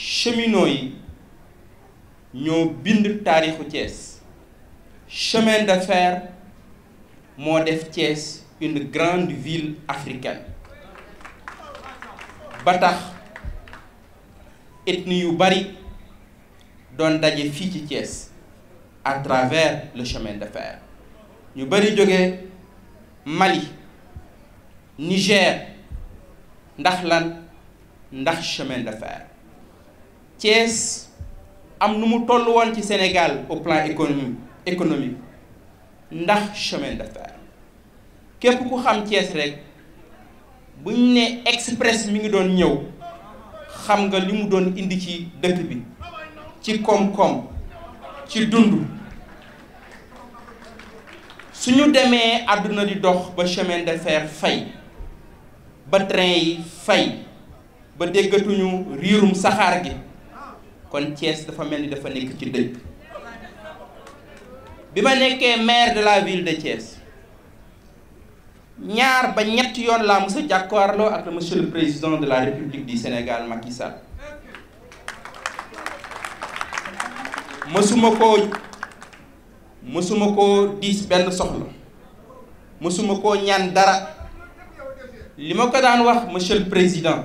cheminots yi ñoo bind taarixu Thiès chemin d'affaires, fer moo def Thiès une grande ville africaine ba tax ethnie yu bari doon daje fii ci Thiès à travers le chemin d'affaires. fer ñu bari jógee Mali Niger ndax lan ndax chemin d'affaires. Thiès am nu mu toll woon ci Sénégal au plan économie économique ndax chemin d'affaires képp ku xam Thiès rek buñ ne express mi ngi doon ñëw xam nga li mu doon indi ci dëkk bi ci koom-koom ci su ñu demee àdduna di dox ba chemin de fer fay ba train yi fay ba déggatuñu riirum saxaar gi kon Thiès dafa mel ni dafa nekk ci dëkk bi ma nekkee maire de la ville de Thiès ñaar ba ñett yoon laa mos a jàkkaarloo ak le monsieur le président de la république du Sénégal Macky Sall mësuma koo mësuma koo diis benn soxla mësuma koo ñaan dara li ma ko daan wax monsieur le président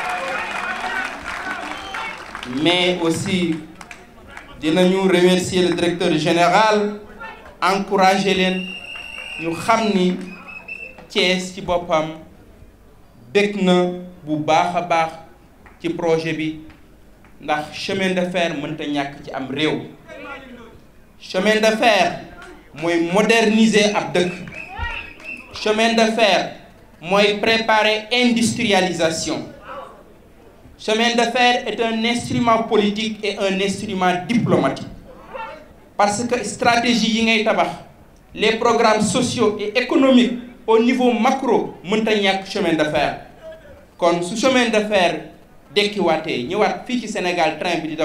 mais aussi nous remercier le directeur général encourager nous ñu xam ni Thiès ci boppam bëgg de bu pour nous baax ci projet bi ndax chemin de fer mënta ñak ci am réew chemin de fer nous moderniser ab chemin de fer nous préparer industrialisation chemin d'affaires est un instrument politique et un instrument diplomatique parce que stratégie yi ngay les programmes sociaux et économiques au niveau macro montagnac chemin d'affaires, Comme kon chemin de fer avons fait fi ci Sénégal train bi di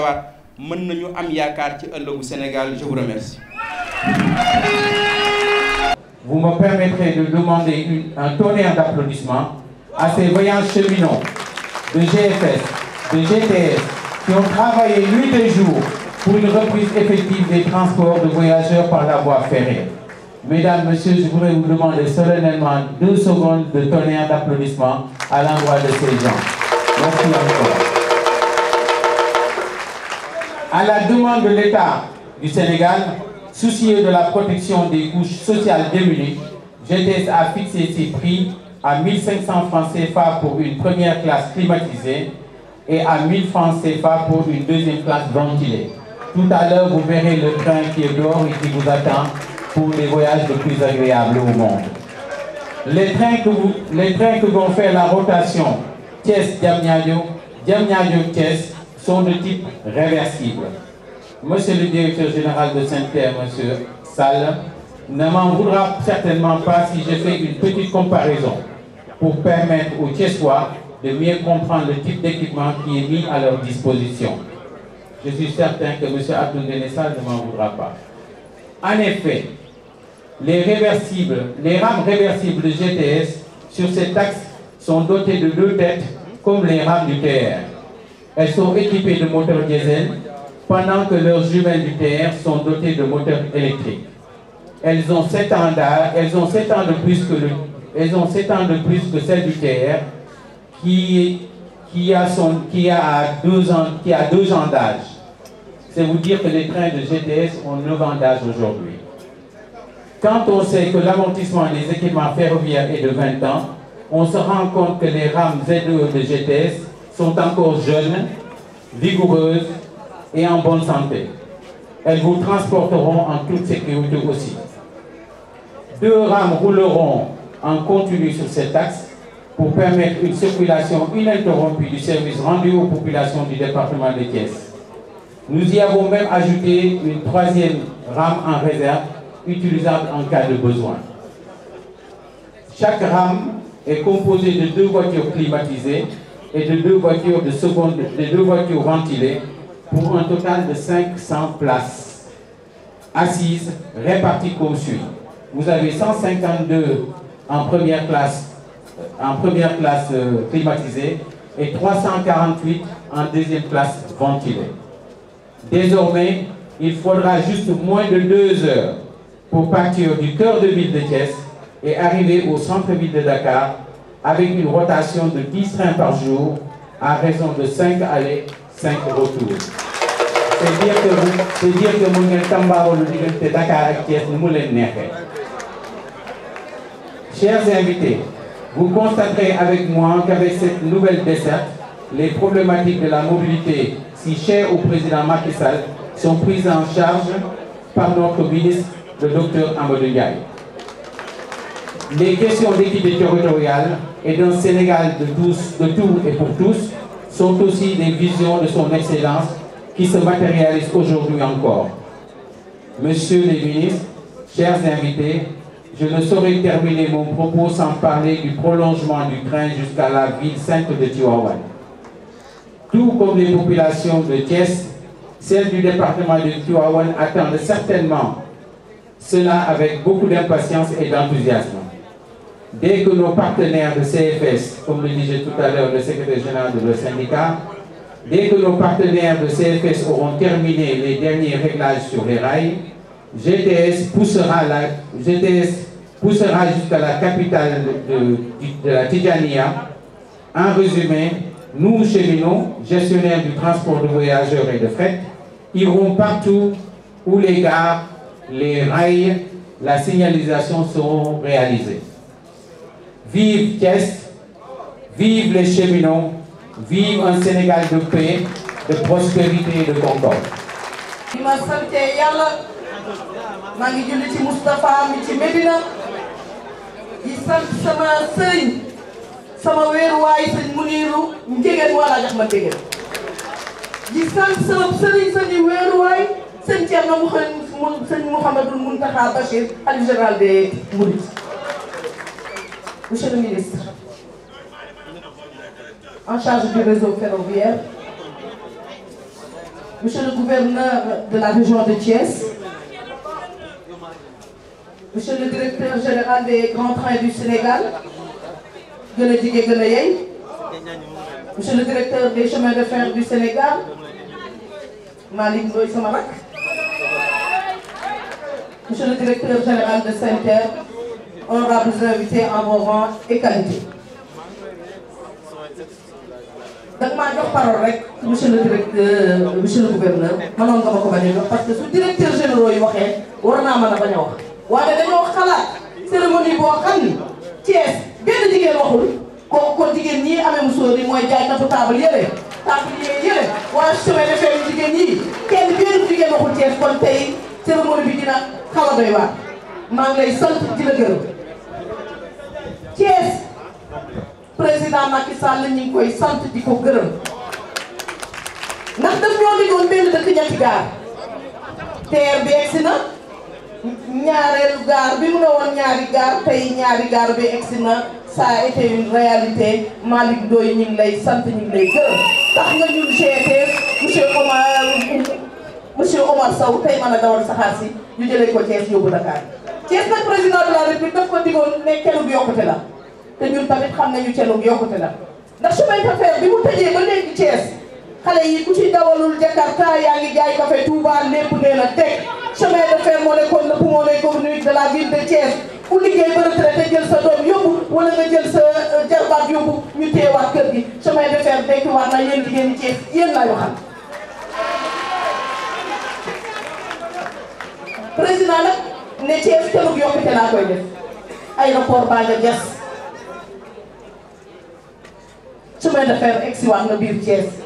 nañu am Sénégal je vous remercie vous me permettrez de demander un tonnerre d'applaudissements à ces voyants cheminots de GFS, de GTS, qui ont travaillé nuit et jour pour une reprise effective des transports de voyageurs par la voie ferrée. Mesdames, Messieurs, je voudrais vous demander solennellement deux secondes de tonnerre d'applaudissements à l'endroit de ces gens. Merci encore. À la demande de l'État du Sénégal, soucieux de la protection des couches sociales démunies, GTS a fixé ses prix à 1500 francs CFA pour une première classe climatisée et à 1000 francs CFA pour une deuxième classe ventilée. Tout à l'heure, vous verrez le train qui est dehors et qui vous attend pour les voyages les plus agréables au monde. Les trains que, vous, les trains que vont faire la rotation Thiès-Diamniadio, Diamniadio-Thiès sont de type réversible. Monsieur le directeur général de Saint-Pierre, Monsieur Salle, ne m'en voudra certainement pas si je fais une petite comparaison pour permettre aux Tiessois de mieux comprendre le type d'équipement qui est mis à leur disposition. Je suis certain que M. Abdou ne m'en voudra pas. En effet, les, réversibles, les rames réversibles de GTS sur cet axe sont dotées de deux têtes comme les rames du TR. Elles sont équipées de moteurs diesel pendant que leurs jumelles du TR sont dotées de moteurs électriques. Elles ont 7 ans, ans de plus que le elles ont 7 ans de plus que celle du TR qui, a, son, qui, a, ans, qui a 2 ans d'âge. C'est vous dire que les trains de GTS ont 9 ans d'âge aujourd'hui. Quand on sait que l'amortissement des équipements ferroviaires est de 20 ans, on se rend compte que les rames Z2 de GTS sont encore jeunes, vigoureuses et en bonne santé. Elles vous transporteront en toute sécurité aussi. Deux rames rouleront en continu sur cet axe pour permettre une circulation ininterrompue du service rendu aux populations du département de Thiès. Nous y avons même ajouté une troisième rame en réserve, utilisable en cas de besoin. Chaque rame est composée de deux voitures climatisées et de deux voitures, de seconde, de deux voitures ventilées pour un total de 500 places assises réparties comme suit. Vous avez 152 en première classe, euh, en première classe euh, climatisée et 348 en deuxième classe ventilée. Désormais, il faudra juste moins de deux heures pour partir du cœur de ville de Thiès et arriver au centre-ville de Dakar avec une rotation de 10 trains par jour à raison de 5 allées, 5 retours. C'est dire que, c'est dire que directeur de Dakar et Thiès, nous Chers invités, vous constaterez avec moi qu'avec cette nouvelle desserte, les problématiques de la mobilité, si chères au président Macky Sall, sont prises en charge par notre ministre, le docteur Amadou Ndiaye. Les questions d'équité territoriale et d'un Sénégal de tous, de tous et pour tous sont aussi des visions de son excellence qui se matérialisent aujourd'hui encore. Monsieur le ministre, chers invités, je ne saurais terminer mon propos sans parler du prolongement du train jusqu'à la ville sainte de Chihuahua. Tout comme les populations de Thiès, celles du département de Chihuahua attendent certainement cela avec beaucoup d'impatience et d'enthousiasme. Dès que nos partenaires de CFS, comme le disait tout à l'heure le secrétaire général de le syndicat, dès que nos partenaires de CFS auront terminé les derniers réglages sur les rails, GTS poussera la, GTS poussera jusqu'à la capitale de, la Tidjania. En résumé, nous, cheminots, gestionnaires du transport de voyageurs et de fret, irons partout où les gares, les rails, la signalisation seront réalisées. Vive Thiès, vive les cheminots, vive un Sénégal de paix, de prospérité et de concorde. sant sama sëriñ sama weeruwaay sëñ Muniiru Njëgeen walla jox ma Njëgeen di sant sama sëriñ sëñ weeruwaay sëñ Thierno mu xëy sëñ Mouhamadou Mountakha Bachir xalifa général des Mourides monsieur le ministre en charge du réseau ferroviaire monsieur le gouverneur de la région de Thiès Monsieur le directeur général des grands trains du Sénégal, Monsieur le directeur des chemins de fer du Sénégal, Malik Boy Samarak. Monsieur le directeur général de on va honorables invités en vos rangs et qualités. Donc, je parole, monsieur le directeur, monsieur le gouverneur, parce que le directeur général, il va faire, waaye dañoo xalaat cérémonie boo xam ni Thiès benn jigéen waxul kooku kon jigéen ñii amee musóor yi mooy jaaykatu taabal yële taabal yële yële waa chemin de fer yu jigéen ñii kenn benn jigéen waxul Thiès kon tey cérémonie bi dina xaw a doy waar maa ngi lay sant di la gërëm Thiès président Macky Sall ñu ngi koy sant di ko gërëm ndax daf ñoo liggéeyoon benn dëkk ñetti gaar teer bi egsi na ñaareelu gaar bi mu ne woon ñaari gaar tey ñaari gaar bi egsi na ça a été une réalité Malick Ndoye ñu ngi lay sant ñu ngi lay gërëm tax nga ñun GTS monsieur Omar monsieur Omar Sow tey mën a dawal saxaar si ñu jëlee ko Thiès yóbbu Dakar Thiès nag président de la République daf ko digoon ne kelug yokkute la te ñun tamit xam nañu kelug yokkute la ndax chemin de fer bi mu tëjee ba léegi Thiès xale yi ku ci dawalul Jakarta yaa ngi jaay café Touba lépp nee na teg chemin de fer moo nekkoon nëpp moo nekkoon nuyu de la ville de Thiès ku liggéey ba retraité jël sa doom yóbbu wala nga jël sa euh, jarbaat yóbbu ñu téyewaat kër gi chemin de fer dekkiwaat na yéen liggéey ni Thiès yéen laay waxal. président nag ne Thiès kërug yokkute laa koy def aéroport baa nga jas chemin de fer egsiwaat na biir Thiès.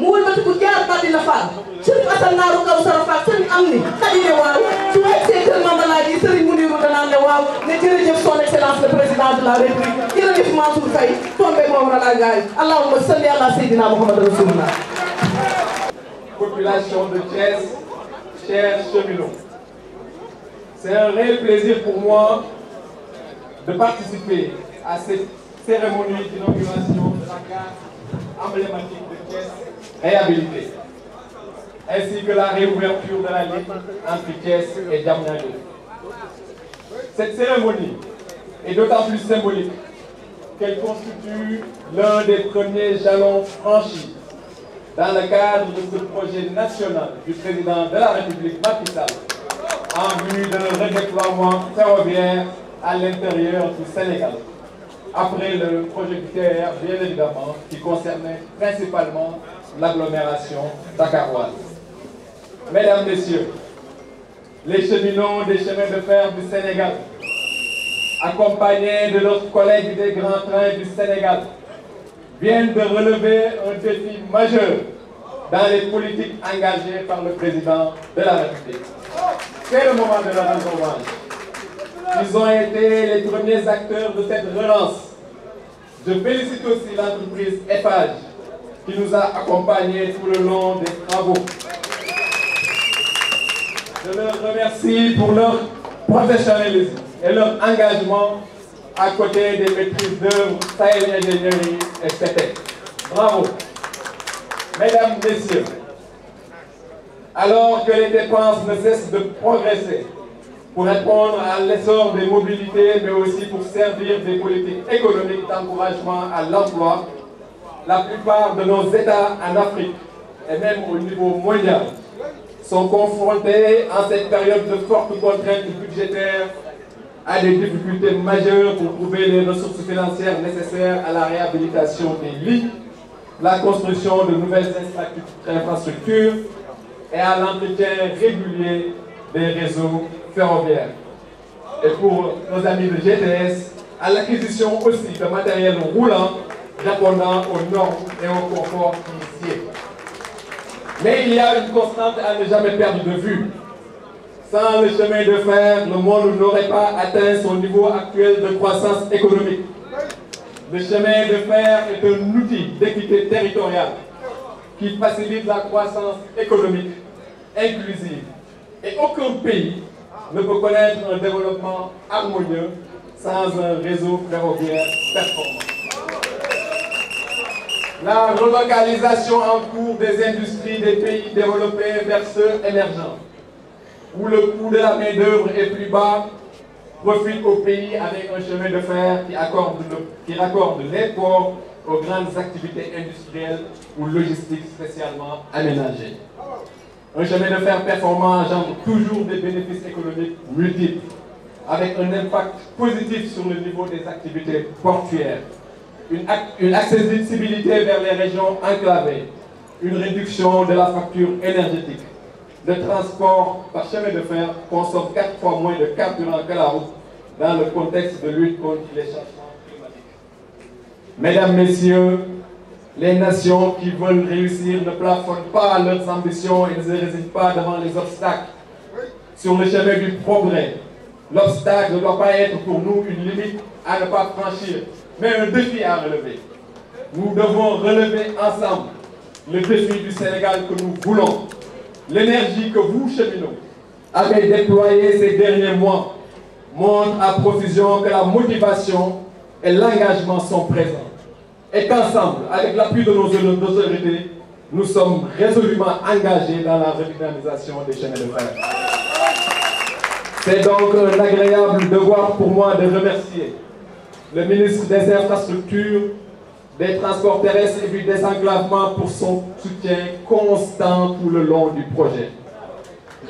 mu wëlbatiku jaar Madina Fall sëriñ Assane Naaru Kaw Sara Fall sëriñ am ni xadi ne de su ma egsee kër Mame Alaaji sëriñ mu niru danaan ne waaw ne jërëjëf son excellence le président de la république jërëjëf Mansour Faye Alors, moom ralangaay allahumma salli ala sayyidina Muhammad rasulullah population de Thiès chers cheminots c'est un réel plaisir pour moi de participer à cette cérémonie d'inauguration de la gare emblématique de Thiès réhabilité, ainsi que la réouverture de la ligne entre Thiès et Diamniadio. Cette cérémonie est d'autant plus symbolique qu'elle constitue l'un des premiers jalons franchis dans le cadre de ce projet national du président de la République Macky en vue d'un redéploiement ferroviaire à l'intérieur du Sénégal. Après le projet du TR, bien évidemment, qui concernait principalement l'agglomération dakaroise. Mesdames, Messieurs, les cheminots des chemins de fer du Sénégal, accompagnés de leurs collègues des grands trains du Sénégal, viennent de relever un défi majeur dans les politiques engagées par le président de la République. C'est le moment de leur Ils ont été les premiers acteurs de cette relance. Je félicite aussi l'entreprise EPAGE qui nous a accompagnés tout le long des travaux. Je leur remercie pour leur professionnalisme et leur engagement à côté des maîtrises d'œuvre taille Ingénierie etc. Bravo. Mesdames, Messieurs, alors que les dépenses ne cessent de progresser pour répondre à l'essor des mobilités, mais aussi pour servir des politiques économiques d'encouragement à l'emploi, la plupart de nos États en Afrique et même au niveau mondial sont confrontés en cette période de fortes contraintes budgétaires à des difficultés majeures pour trouver les ressources financières nécessaires à la réhabilitation des lits, la construction de nouvelles infrastructures et à l'entretien régulier des réseaux ferroviaires. Et pour nos amis de GTS, à l'acquisition aussi de matériel roulant répondant aux normes et au confort initié. Mais il y a une constante à ne jamais perdre de vue. Sans le chemin de fer, le monde n'aurait pas atteint son niveau actuel de croissance économique. Le chemin de fer est un outil d'équité territoriale qui facilite la croissance économique inclusive. Et aucun pays ne peut connaître un développement harmonieux sans un réseau ferroviaire performant la relocalisation en cours des industries des pays développés vers ceux émergents, où le coût de la main-d'œuvre est plus bas, profite aux pays avec un chemin de fer qui, accorde raccorde les aux grandes activités industrielles ou logistiques spécialement aménagées. Un chemin de fer performant engendre toujours des bénéfices économiques multiples, avec un impact positif sur le niveau des activités portuaires, une, accessibilité vers les régions enclavées, une réduction de la facture énergétique. Le transport par chemin de fer consomme quatre fois moins de carburant que la route dans le contexte de lutte contre les changements climatiques. Mesdames, Messieurs, les nations qui veulent réussir ne plafonnent pas leurs ambitions et ne se pas devant les obstacles. Sur le chemin du progrès, l'obstacle ne doit pas être pour nous une limite à ne pas franchir mais un défi à relever. Nous devons relever ensemble le défi du Sénégal que nous voulons. L'énergie que vous, cheminots, avez déployée ces derniers mois montre à profusion que la motivation et l'engagement sont présents. Et qu'ensemble, avec l'appui de nos autorités, nous sommes résolument engagés dans la revitalisation des chaînes de frères. C'est donc un agréable devoir pour moi de remercier le ministre des Infrastructures, des Transports terrestres et du désenclavement pour son soutien constant tout le long du projet.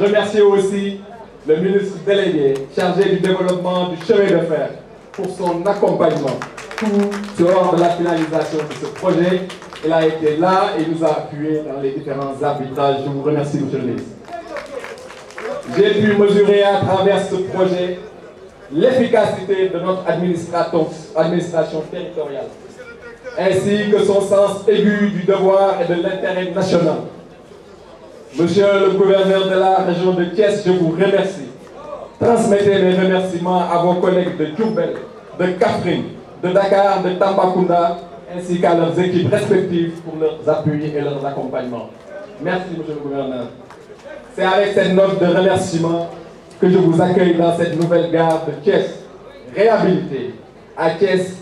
Remercier aussi le ministre délégué chargé du développement du chemin de fer pour son accompagnement. Tout lors de la finalisation de ce projet, il a été là et nous a appuyés dans les différents arbitrages. Je vous remercie, monsieur le ministre. J'ai pu mesurer à travers ce projet l'efficacité de notre administration territoriale, ainsi que son sens aigu du devoir et de l'intérêt national. Monsieur le gouverneur de la région de Thiès, je vous remercie. Transmettez mes remerciements à vos collègues de Djoubel, de Catherine, de Dakar, de Tambacounda, ainsi qu'à leurs équipes respectives pour leurs appuis et leurs accompagnements. Merci, monsieur le gouverneur. C'est avec cette note de remerciement que je vous accueille dans cette nouvelle gare de Thiès, réhabilitée à Thiès,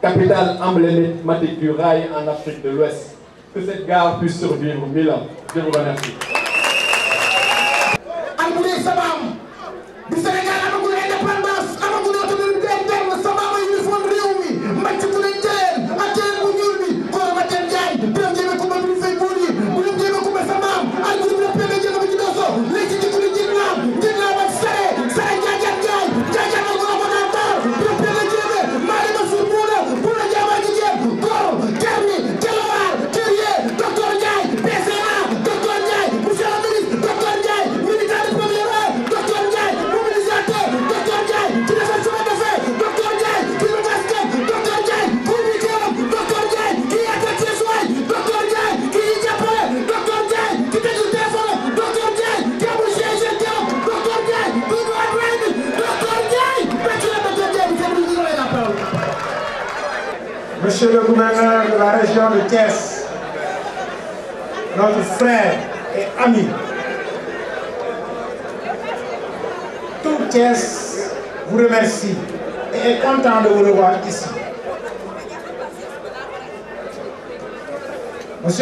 capitale emblématique du rail en Afrique de l'Ouest. Que cette gare puisse survivre mille ans. Je vous remercie.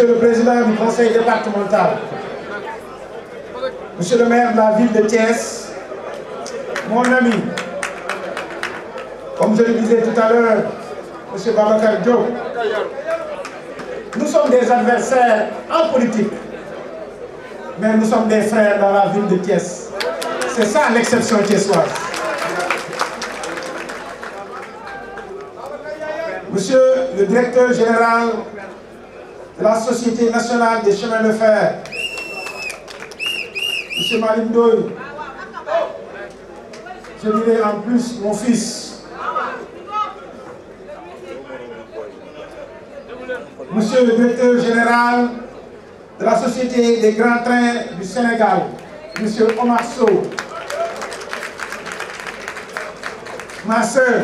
Monsieur le Président du Conseil départemental, Monsieur le maire de la ville de Thiès, mon ami, comme je le disais tout à l'heure, Monsieur Babacar Diop, nous sommes des adversaires en politique, mais nous sommes des frères dans la ville de Thiès. C'est ça l'exception thiessoise. Monsieur le directeur général la Société nationale des chemins de fer, M. Malim je dirais en plus mon fils, Monsieur le directeur général de la Société des grands trains du Sénégal, Monsieur Omar Sow, ma soeur,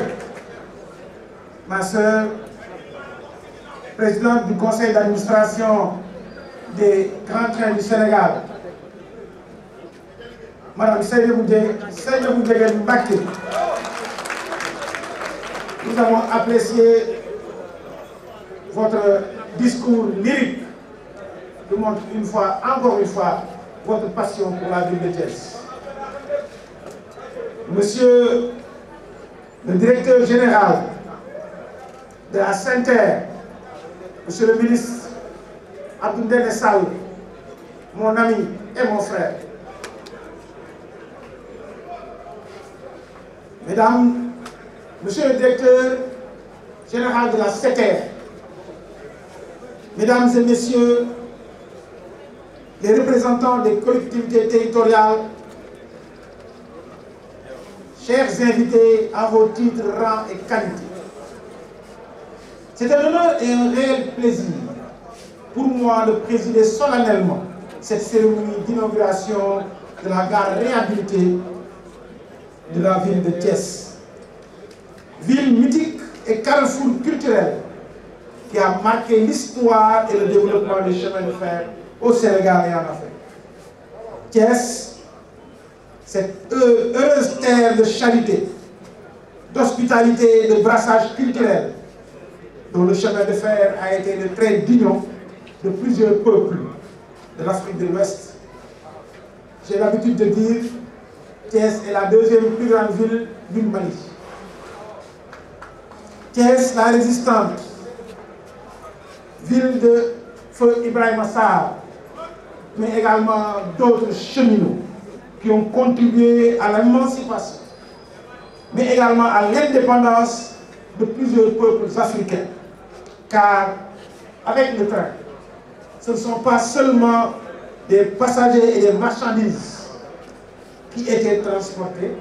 ma soeur présidente du conseil d'administration des grands trains du Sénégal, Madame Seydou Degen Baké, nous avons apprécié votre discours lyrique qui montre une fois, encore une fois, votre passion pour la ville de Thiès. Monsieur le directeur général de la sainte Monsieur le ministre Abdoundene salle mon ami et mon frère. Mesdames, Monsieur le directeur général de la CETER, Mesdames et Messieurs, les représentants des collectivités territoriales, chers invités à vos titres, rangs et qualités, c'est un honneur et un réel plaisir pour moi de présider solennellement cette cérémonie d'inauguration de la gare réhabilitée de la ville de Thiès. Ville mythique et carrefour culturel qui a marqué l'histoire et le développement des chemins de fer au Sénégal et en Afrique. Thiès, cette heureuse terre de charité, d'hospitalité et de brassage culturel dont le chemin de fer a été le trait d'union de plusieurs peuples de l'Afrique de l'Ouest. J'ai l'habitude de dire Thiès est la deuxième plus grande ville du Mali. Thiès, la résistante, ville de Feu Ibrahim Assar, mais également d'autres cheminots qui ont contribué à l'émancipation, mais également à l'indépendance de plusieurs peuples africains car avec le train, ce ne sont pas seulement des passagers et des marchandises qui étaient transportés,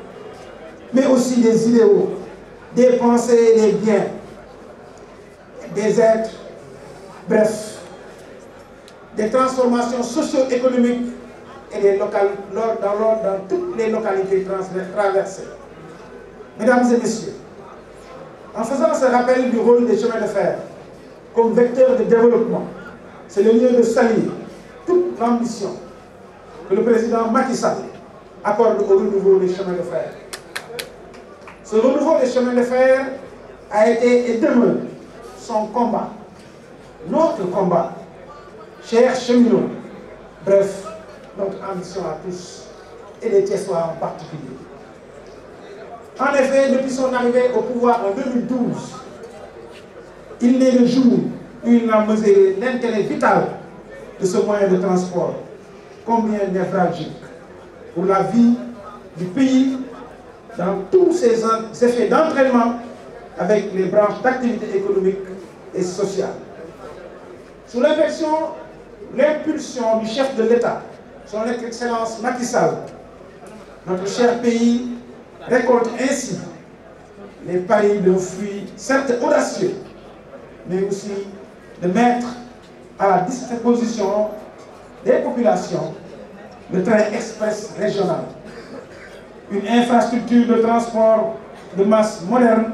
mais aussi des idéaux, des pensées des biens, des êtres, bref, des transformations socio-économiques et des locales, dans, dans toutes les localités traversées. Mesdames et messieurs, en faisant ce rappel du rôle des chemins de fer, comme vecteur de développement. C'est le lieu de saluer toute l'ambition que le président Macky Sall accorde au renouveau des chemins de fer. Ce renouveau des chemins de fer a été et demeure son combat, notre combat, cher cheminot, bref, notre ambition à tous, et les Tessois en particulier. En effet, depuis son arrivée au pouvoir en 2012, il n'est le jour où il a mesuré l'intérêt vital de ce moyen de transport, combien névralgique pour la vie du pays dans tous ses effets d'entraînement avec les branches d'activité économique et sociale. Sous l'infection, l'impulsion du chef de l'État, son Excellence Macky notre cher pays récolte ainsi les paris de fruits certes audacieux, mais aussi de mettre à la disposition des populations le train express régional, une infrastructure de transport de masse moderne,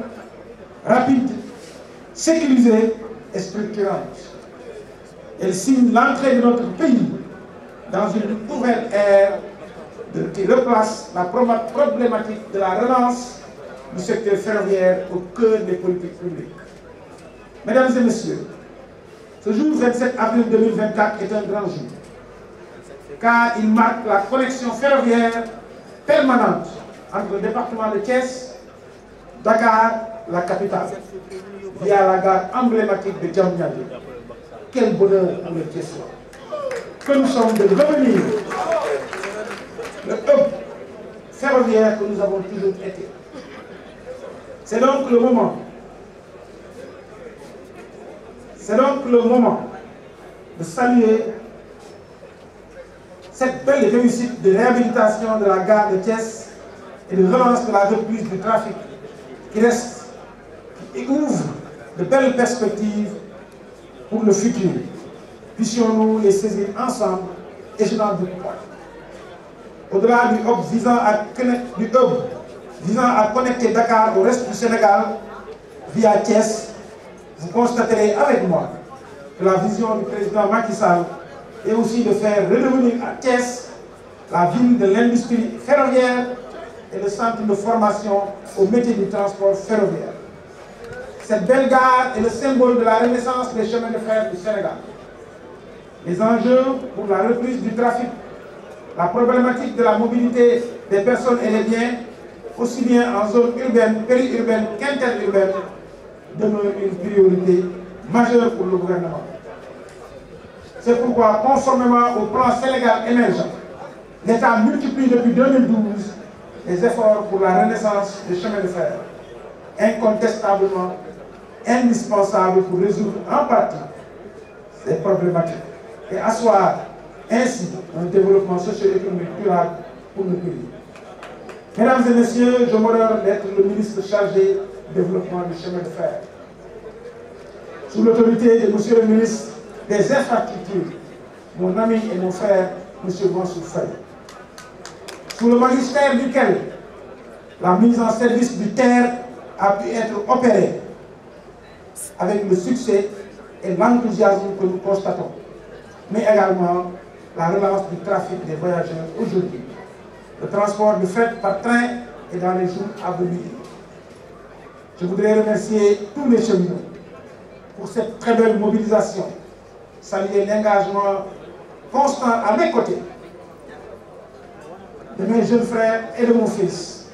rapide, sécurisée et structurante. Elle signe l'entrée de notre pays dans une nouvelle ère qui replace la problématique de la relance du secteur ferroviaire au cœur des politiques publiques. Mesdames et messieurs, ce jour 27 avril 2024 est un grand jour, car il marque la connexion ferroviaire permanente entre le département de Thiès, Dakar, la capitale, via la gare emblématique de Djamnyadou. Quel bonheur pour le Thiès que nous sommes de revenir le hub ferroviaire que nous avons toujours été. C'est donc le moment c'est donc le moment de saluer cette belle réussite de réhabilitation de la gare de Thiès et de relance de la reprise du trafic qui reste, ouvre de belles perspectives pour le futur. Puissions-nous les saisir ensemble et je n'en doute pas. Au-delà du hub visant à connecter, visant à connecter Dakar au reste du Sénégal via Thiès, vous constaterez avec moi que la vision du président Macky Sall est aussi de faire redevenir à Thiès la ville de l'industrie ferroviaire et le centre de formation au métier du transport ferroviaire. Cette belle gare est le symbole de la renaissance des chemins de fer du Sénégal. Les enjeux pour la reprise du trafic, la problématique de la mobilité des personnes et des biens, aussi bien en zone urbaine, périurbaine qu'interurbaine, demeure une priorité majeure pour le gouvernement. C'est pourquoi, conformément au plan Sénégal émergent, l'État multiplie depuis 2012 les efforts pour la renaissance des chemins de fer, incontestablement indispensable pour résoudre en partie ces problématiques et asseoir ainsi un développement socio-économique durable pour le pays. Mesdames et messieurs, je m'honore d'être le ministre chargé du développement du chemin de fer. Sous l'autorité de monsieur le ministre des infrastructures, mon ami et mon frère, monsieur Mansour Sous le magistère duquel la mise en service du terre a pu être opérée avec le succès et l'enthousiasme que nous constatons, mais également la relance du trafic des voyageurs aujourd'hui le transport de fête par train et dans les jours à venir. Je voudrais remercier tous mes cheminots pour cette très belle mobilisation, saluer l'engagement constant à mes côtés de mes jeunes frères et de mon fils,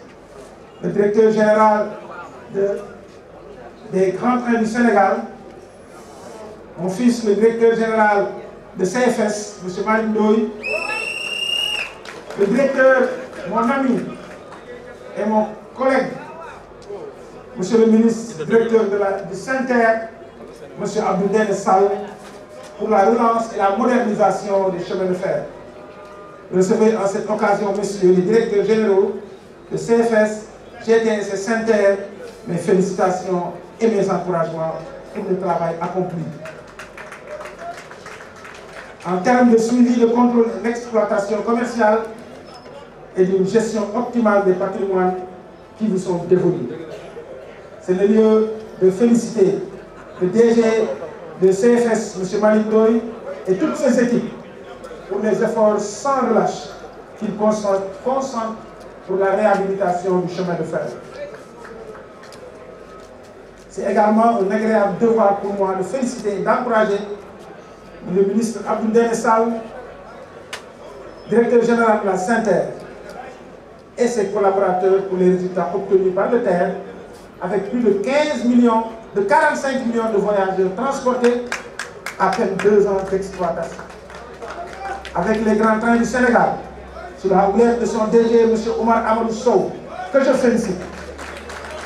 le directeur général des grands trains du Sénégal, mon fils le directeur général de CFS, M. Doy, le directeur, mon ami et mon collègue, monsieur le ministre, directeur de la, du saint monsieur Abdoudel Sall, pour la relance et la modernisation des chemins de fer. Recevez en cette occasion, Monsieur le directeur général de CFS, GTS et mes félicitations et mes encouragements pour le travail accompli. En termes de suivi de contrôle l'exploitation commerciale, et d'une gestion optimale des patrimoines qui vous sont dévolus. C'est le lieu de féliciter le DG de CFS, M. Malik Doy, et toutes ses équipes pour les efforts sans relâche qu'ils consentent pour la réhabilitation du chemin de fer. C'est également un agréable devoir pour moi de féliciter et d'encourager le ministre Abdou Sall, directeur général de la sainte et ses collaborateurs pour les résultats obtenus par le terre, avec plus de 15 millions, de 45 millions de voyageurs transportés après deux ans d'exploitation. Avec les grands trains du Sénégal, sous la houlette de son DG, M. Omar Amadou Sow, que je félicite,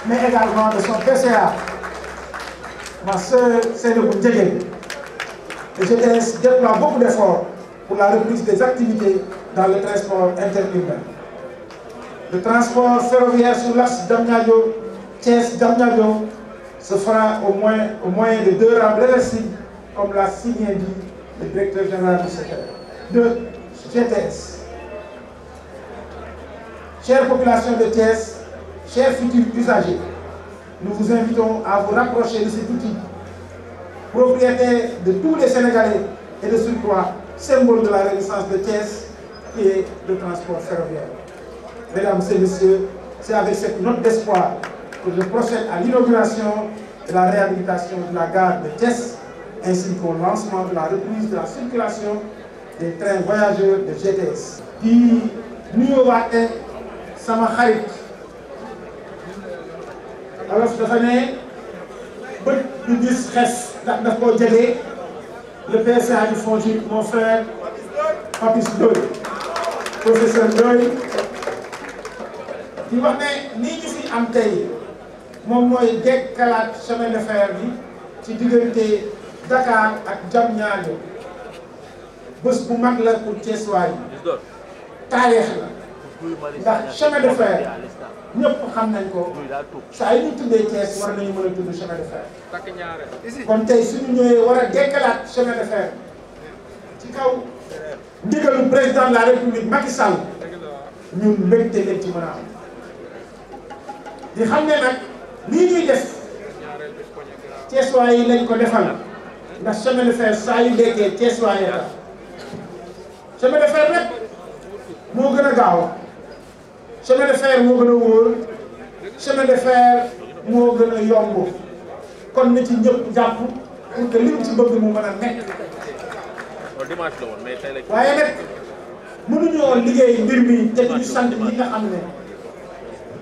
mais également de son PCA, ma soeur Sénégal et Le GDS déploie beaucoup d'efforts pour la reprise des activités dans le transport interurbain. Le transport ferroviaire sur l'axe Damnadio, Thiès Damnadio se fera au moins, au de deux rames comme l'a signé dit le directeur général du secteur. De GTS. Chère population de Thiès, chers futurs usagers, nous vous invitons à vous rapprocher de cet outil, propriétaire de tous les Sénégalais et de ce surcroît symbole de la renaissance de Thiès, et de transport ferroviaire. Mesdames et Messieurs, c'est avec cette note d'espoir que je procède à l'inauguration de la réhabilitation de la gare de Thiès, ainsi qu'au lancement de la reprise de la circulation des trains voyageurs de GTS. di nous waate sama alors je ne une du gis xes de le PSA du FONGIP mon frère Papis professeur Ndoye di wax ne lii ñu fi am tey moom mooy dekkalaat chemin de fer bi ci diggante Dakar ak Diamniadio bés bu mag la pour Thiessois yi taarix la ndax chemin de fer ñëpp xam nañ ko saa yi ñu tuddee Thiès war nañu mëna a chemin de fer tak kon tay suñu ñëwé wara a chemin de fer ci kaw ndigalu président de la république Macky Sall ñun mbégte lé ci mëna am. di xam ne nag lii ñuy def ceesuwaay yi lañ ko defal ndax chemin de fer saa yu déggee ceesuwaay yi la chemin de fer rek moo gën a gaaw chemin de fer moo gën a wóor chemin de moo gën a yomb kon nit ci ñëpp jàpp pour que lim ci bëgg mu mën a nekk. waaye nag mënuñoo liggéey mbir mi te duñu sant ñi nga am ne.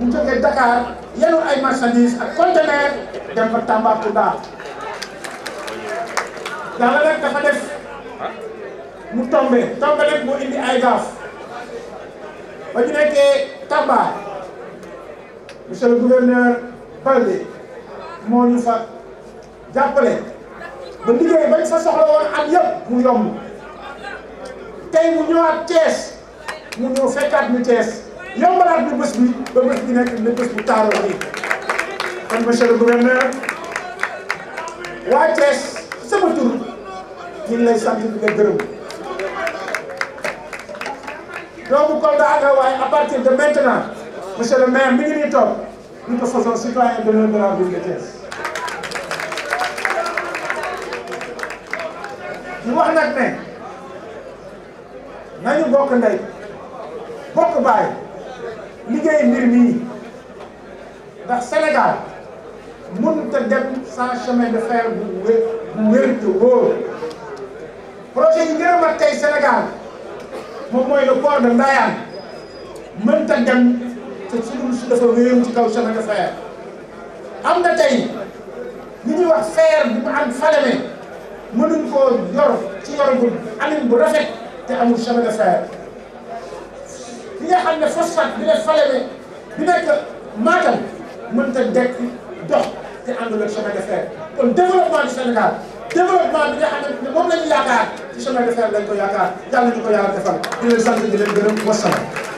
bu jógee Dakar yenu ay marchandises ak conteneur dem ba Tambacounda yàlla nag dafa def mu tombé tombé nag mu indi ay gaaf ba ñu nekkee Tamba monsieur le gouverneur Baldé moo ñu fa jàppale ba liggéey bañ fa soxla woon am yëpp mu yomb tey mu ñëwaat Thiès mu ñëw fekkaat ñu Thiès. yombalaat na bés bi ba bés bi nekk na bés bu taaroo bi kon monsieur le gouverneur waa Thiès sama tur ñu ngi lay sant di la gërëm doomu Kolda ak waaye à partir maintenant monsieur le mi ngi nii toog nous te faisons citoyen d'honneur de la ville bokk ndey bokk baay liggéey mbir mii ndax Sénégal mun te dem sans chemin de fer bu wér bu wér te wóor projet yi a mag tey Sénégal moom mooy le port de Ndayane mën ta dem te su dafa wéeru ci kaw chemin de fer am na tey li ñuy wax fer bu mu am Falémé mënuñ koo yor ci yor bu amin bu rafet te amul chemin de fer bi nga xam ne phosphate bi ne Falémé bi nekk Matam mënut a dekk dox te àndul ak chemin de fer kon développement du Sénégal développement bi nga xamante ne moom la ñu yaakaar ci chemin de fer lañ ko yaakaar yàlla ñu ko yàlla defal di leen sant di leen gërëm wasalaam.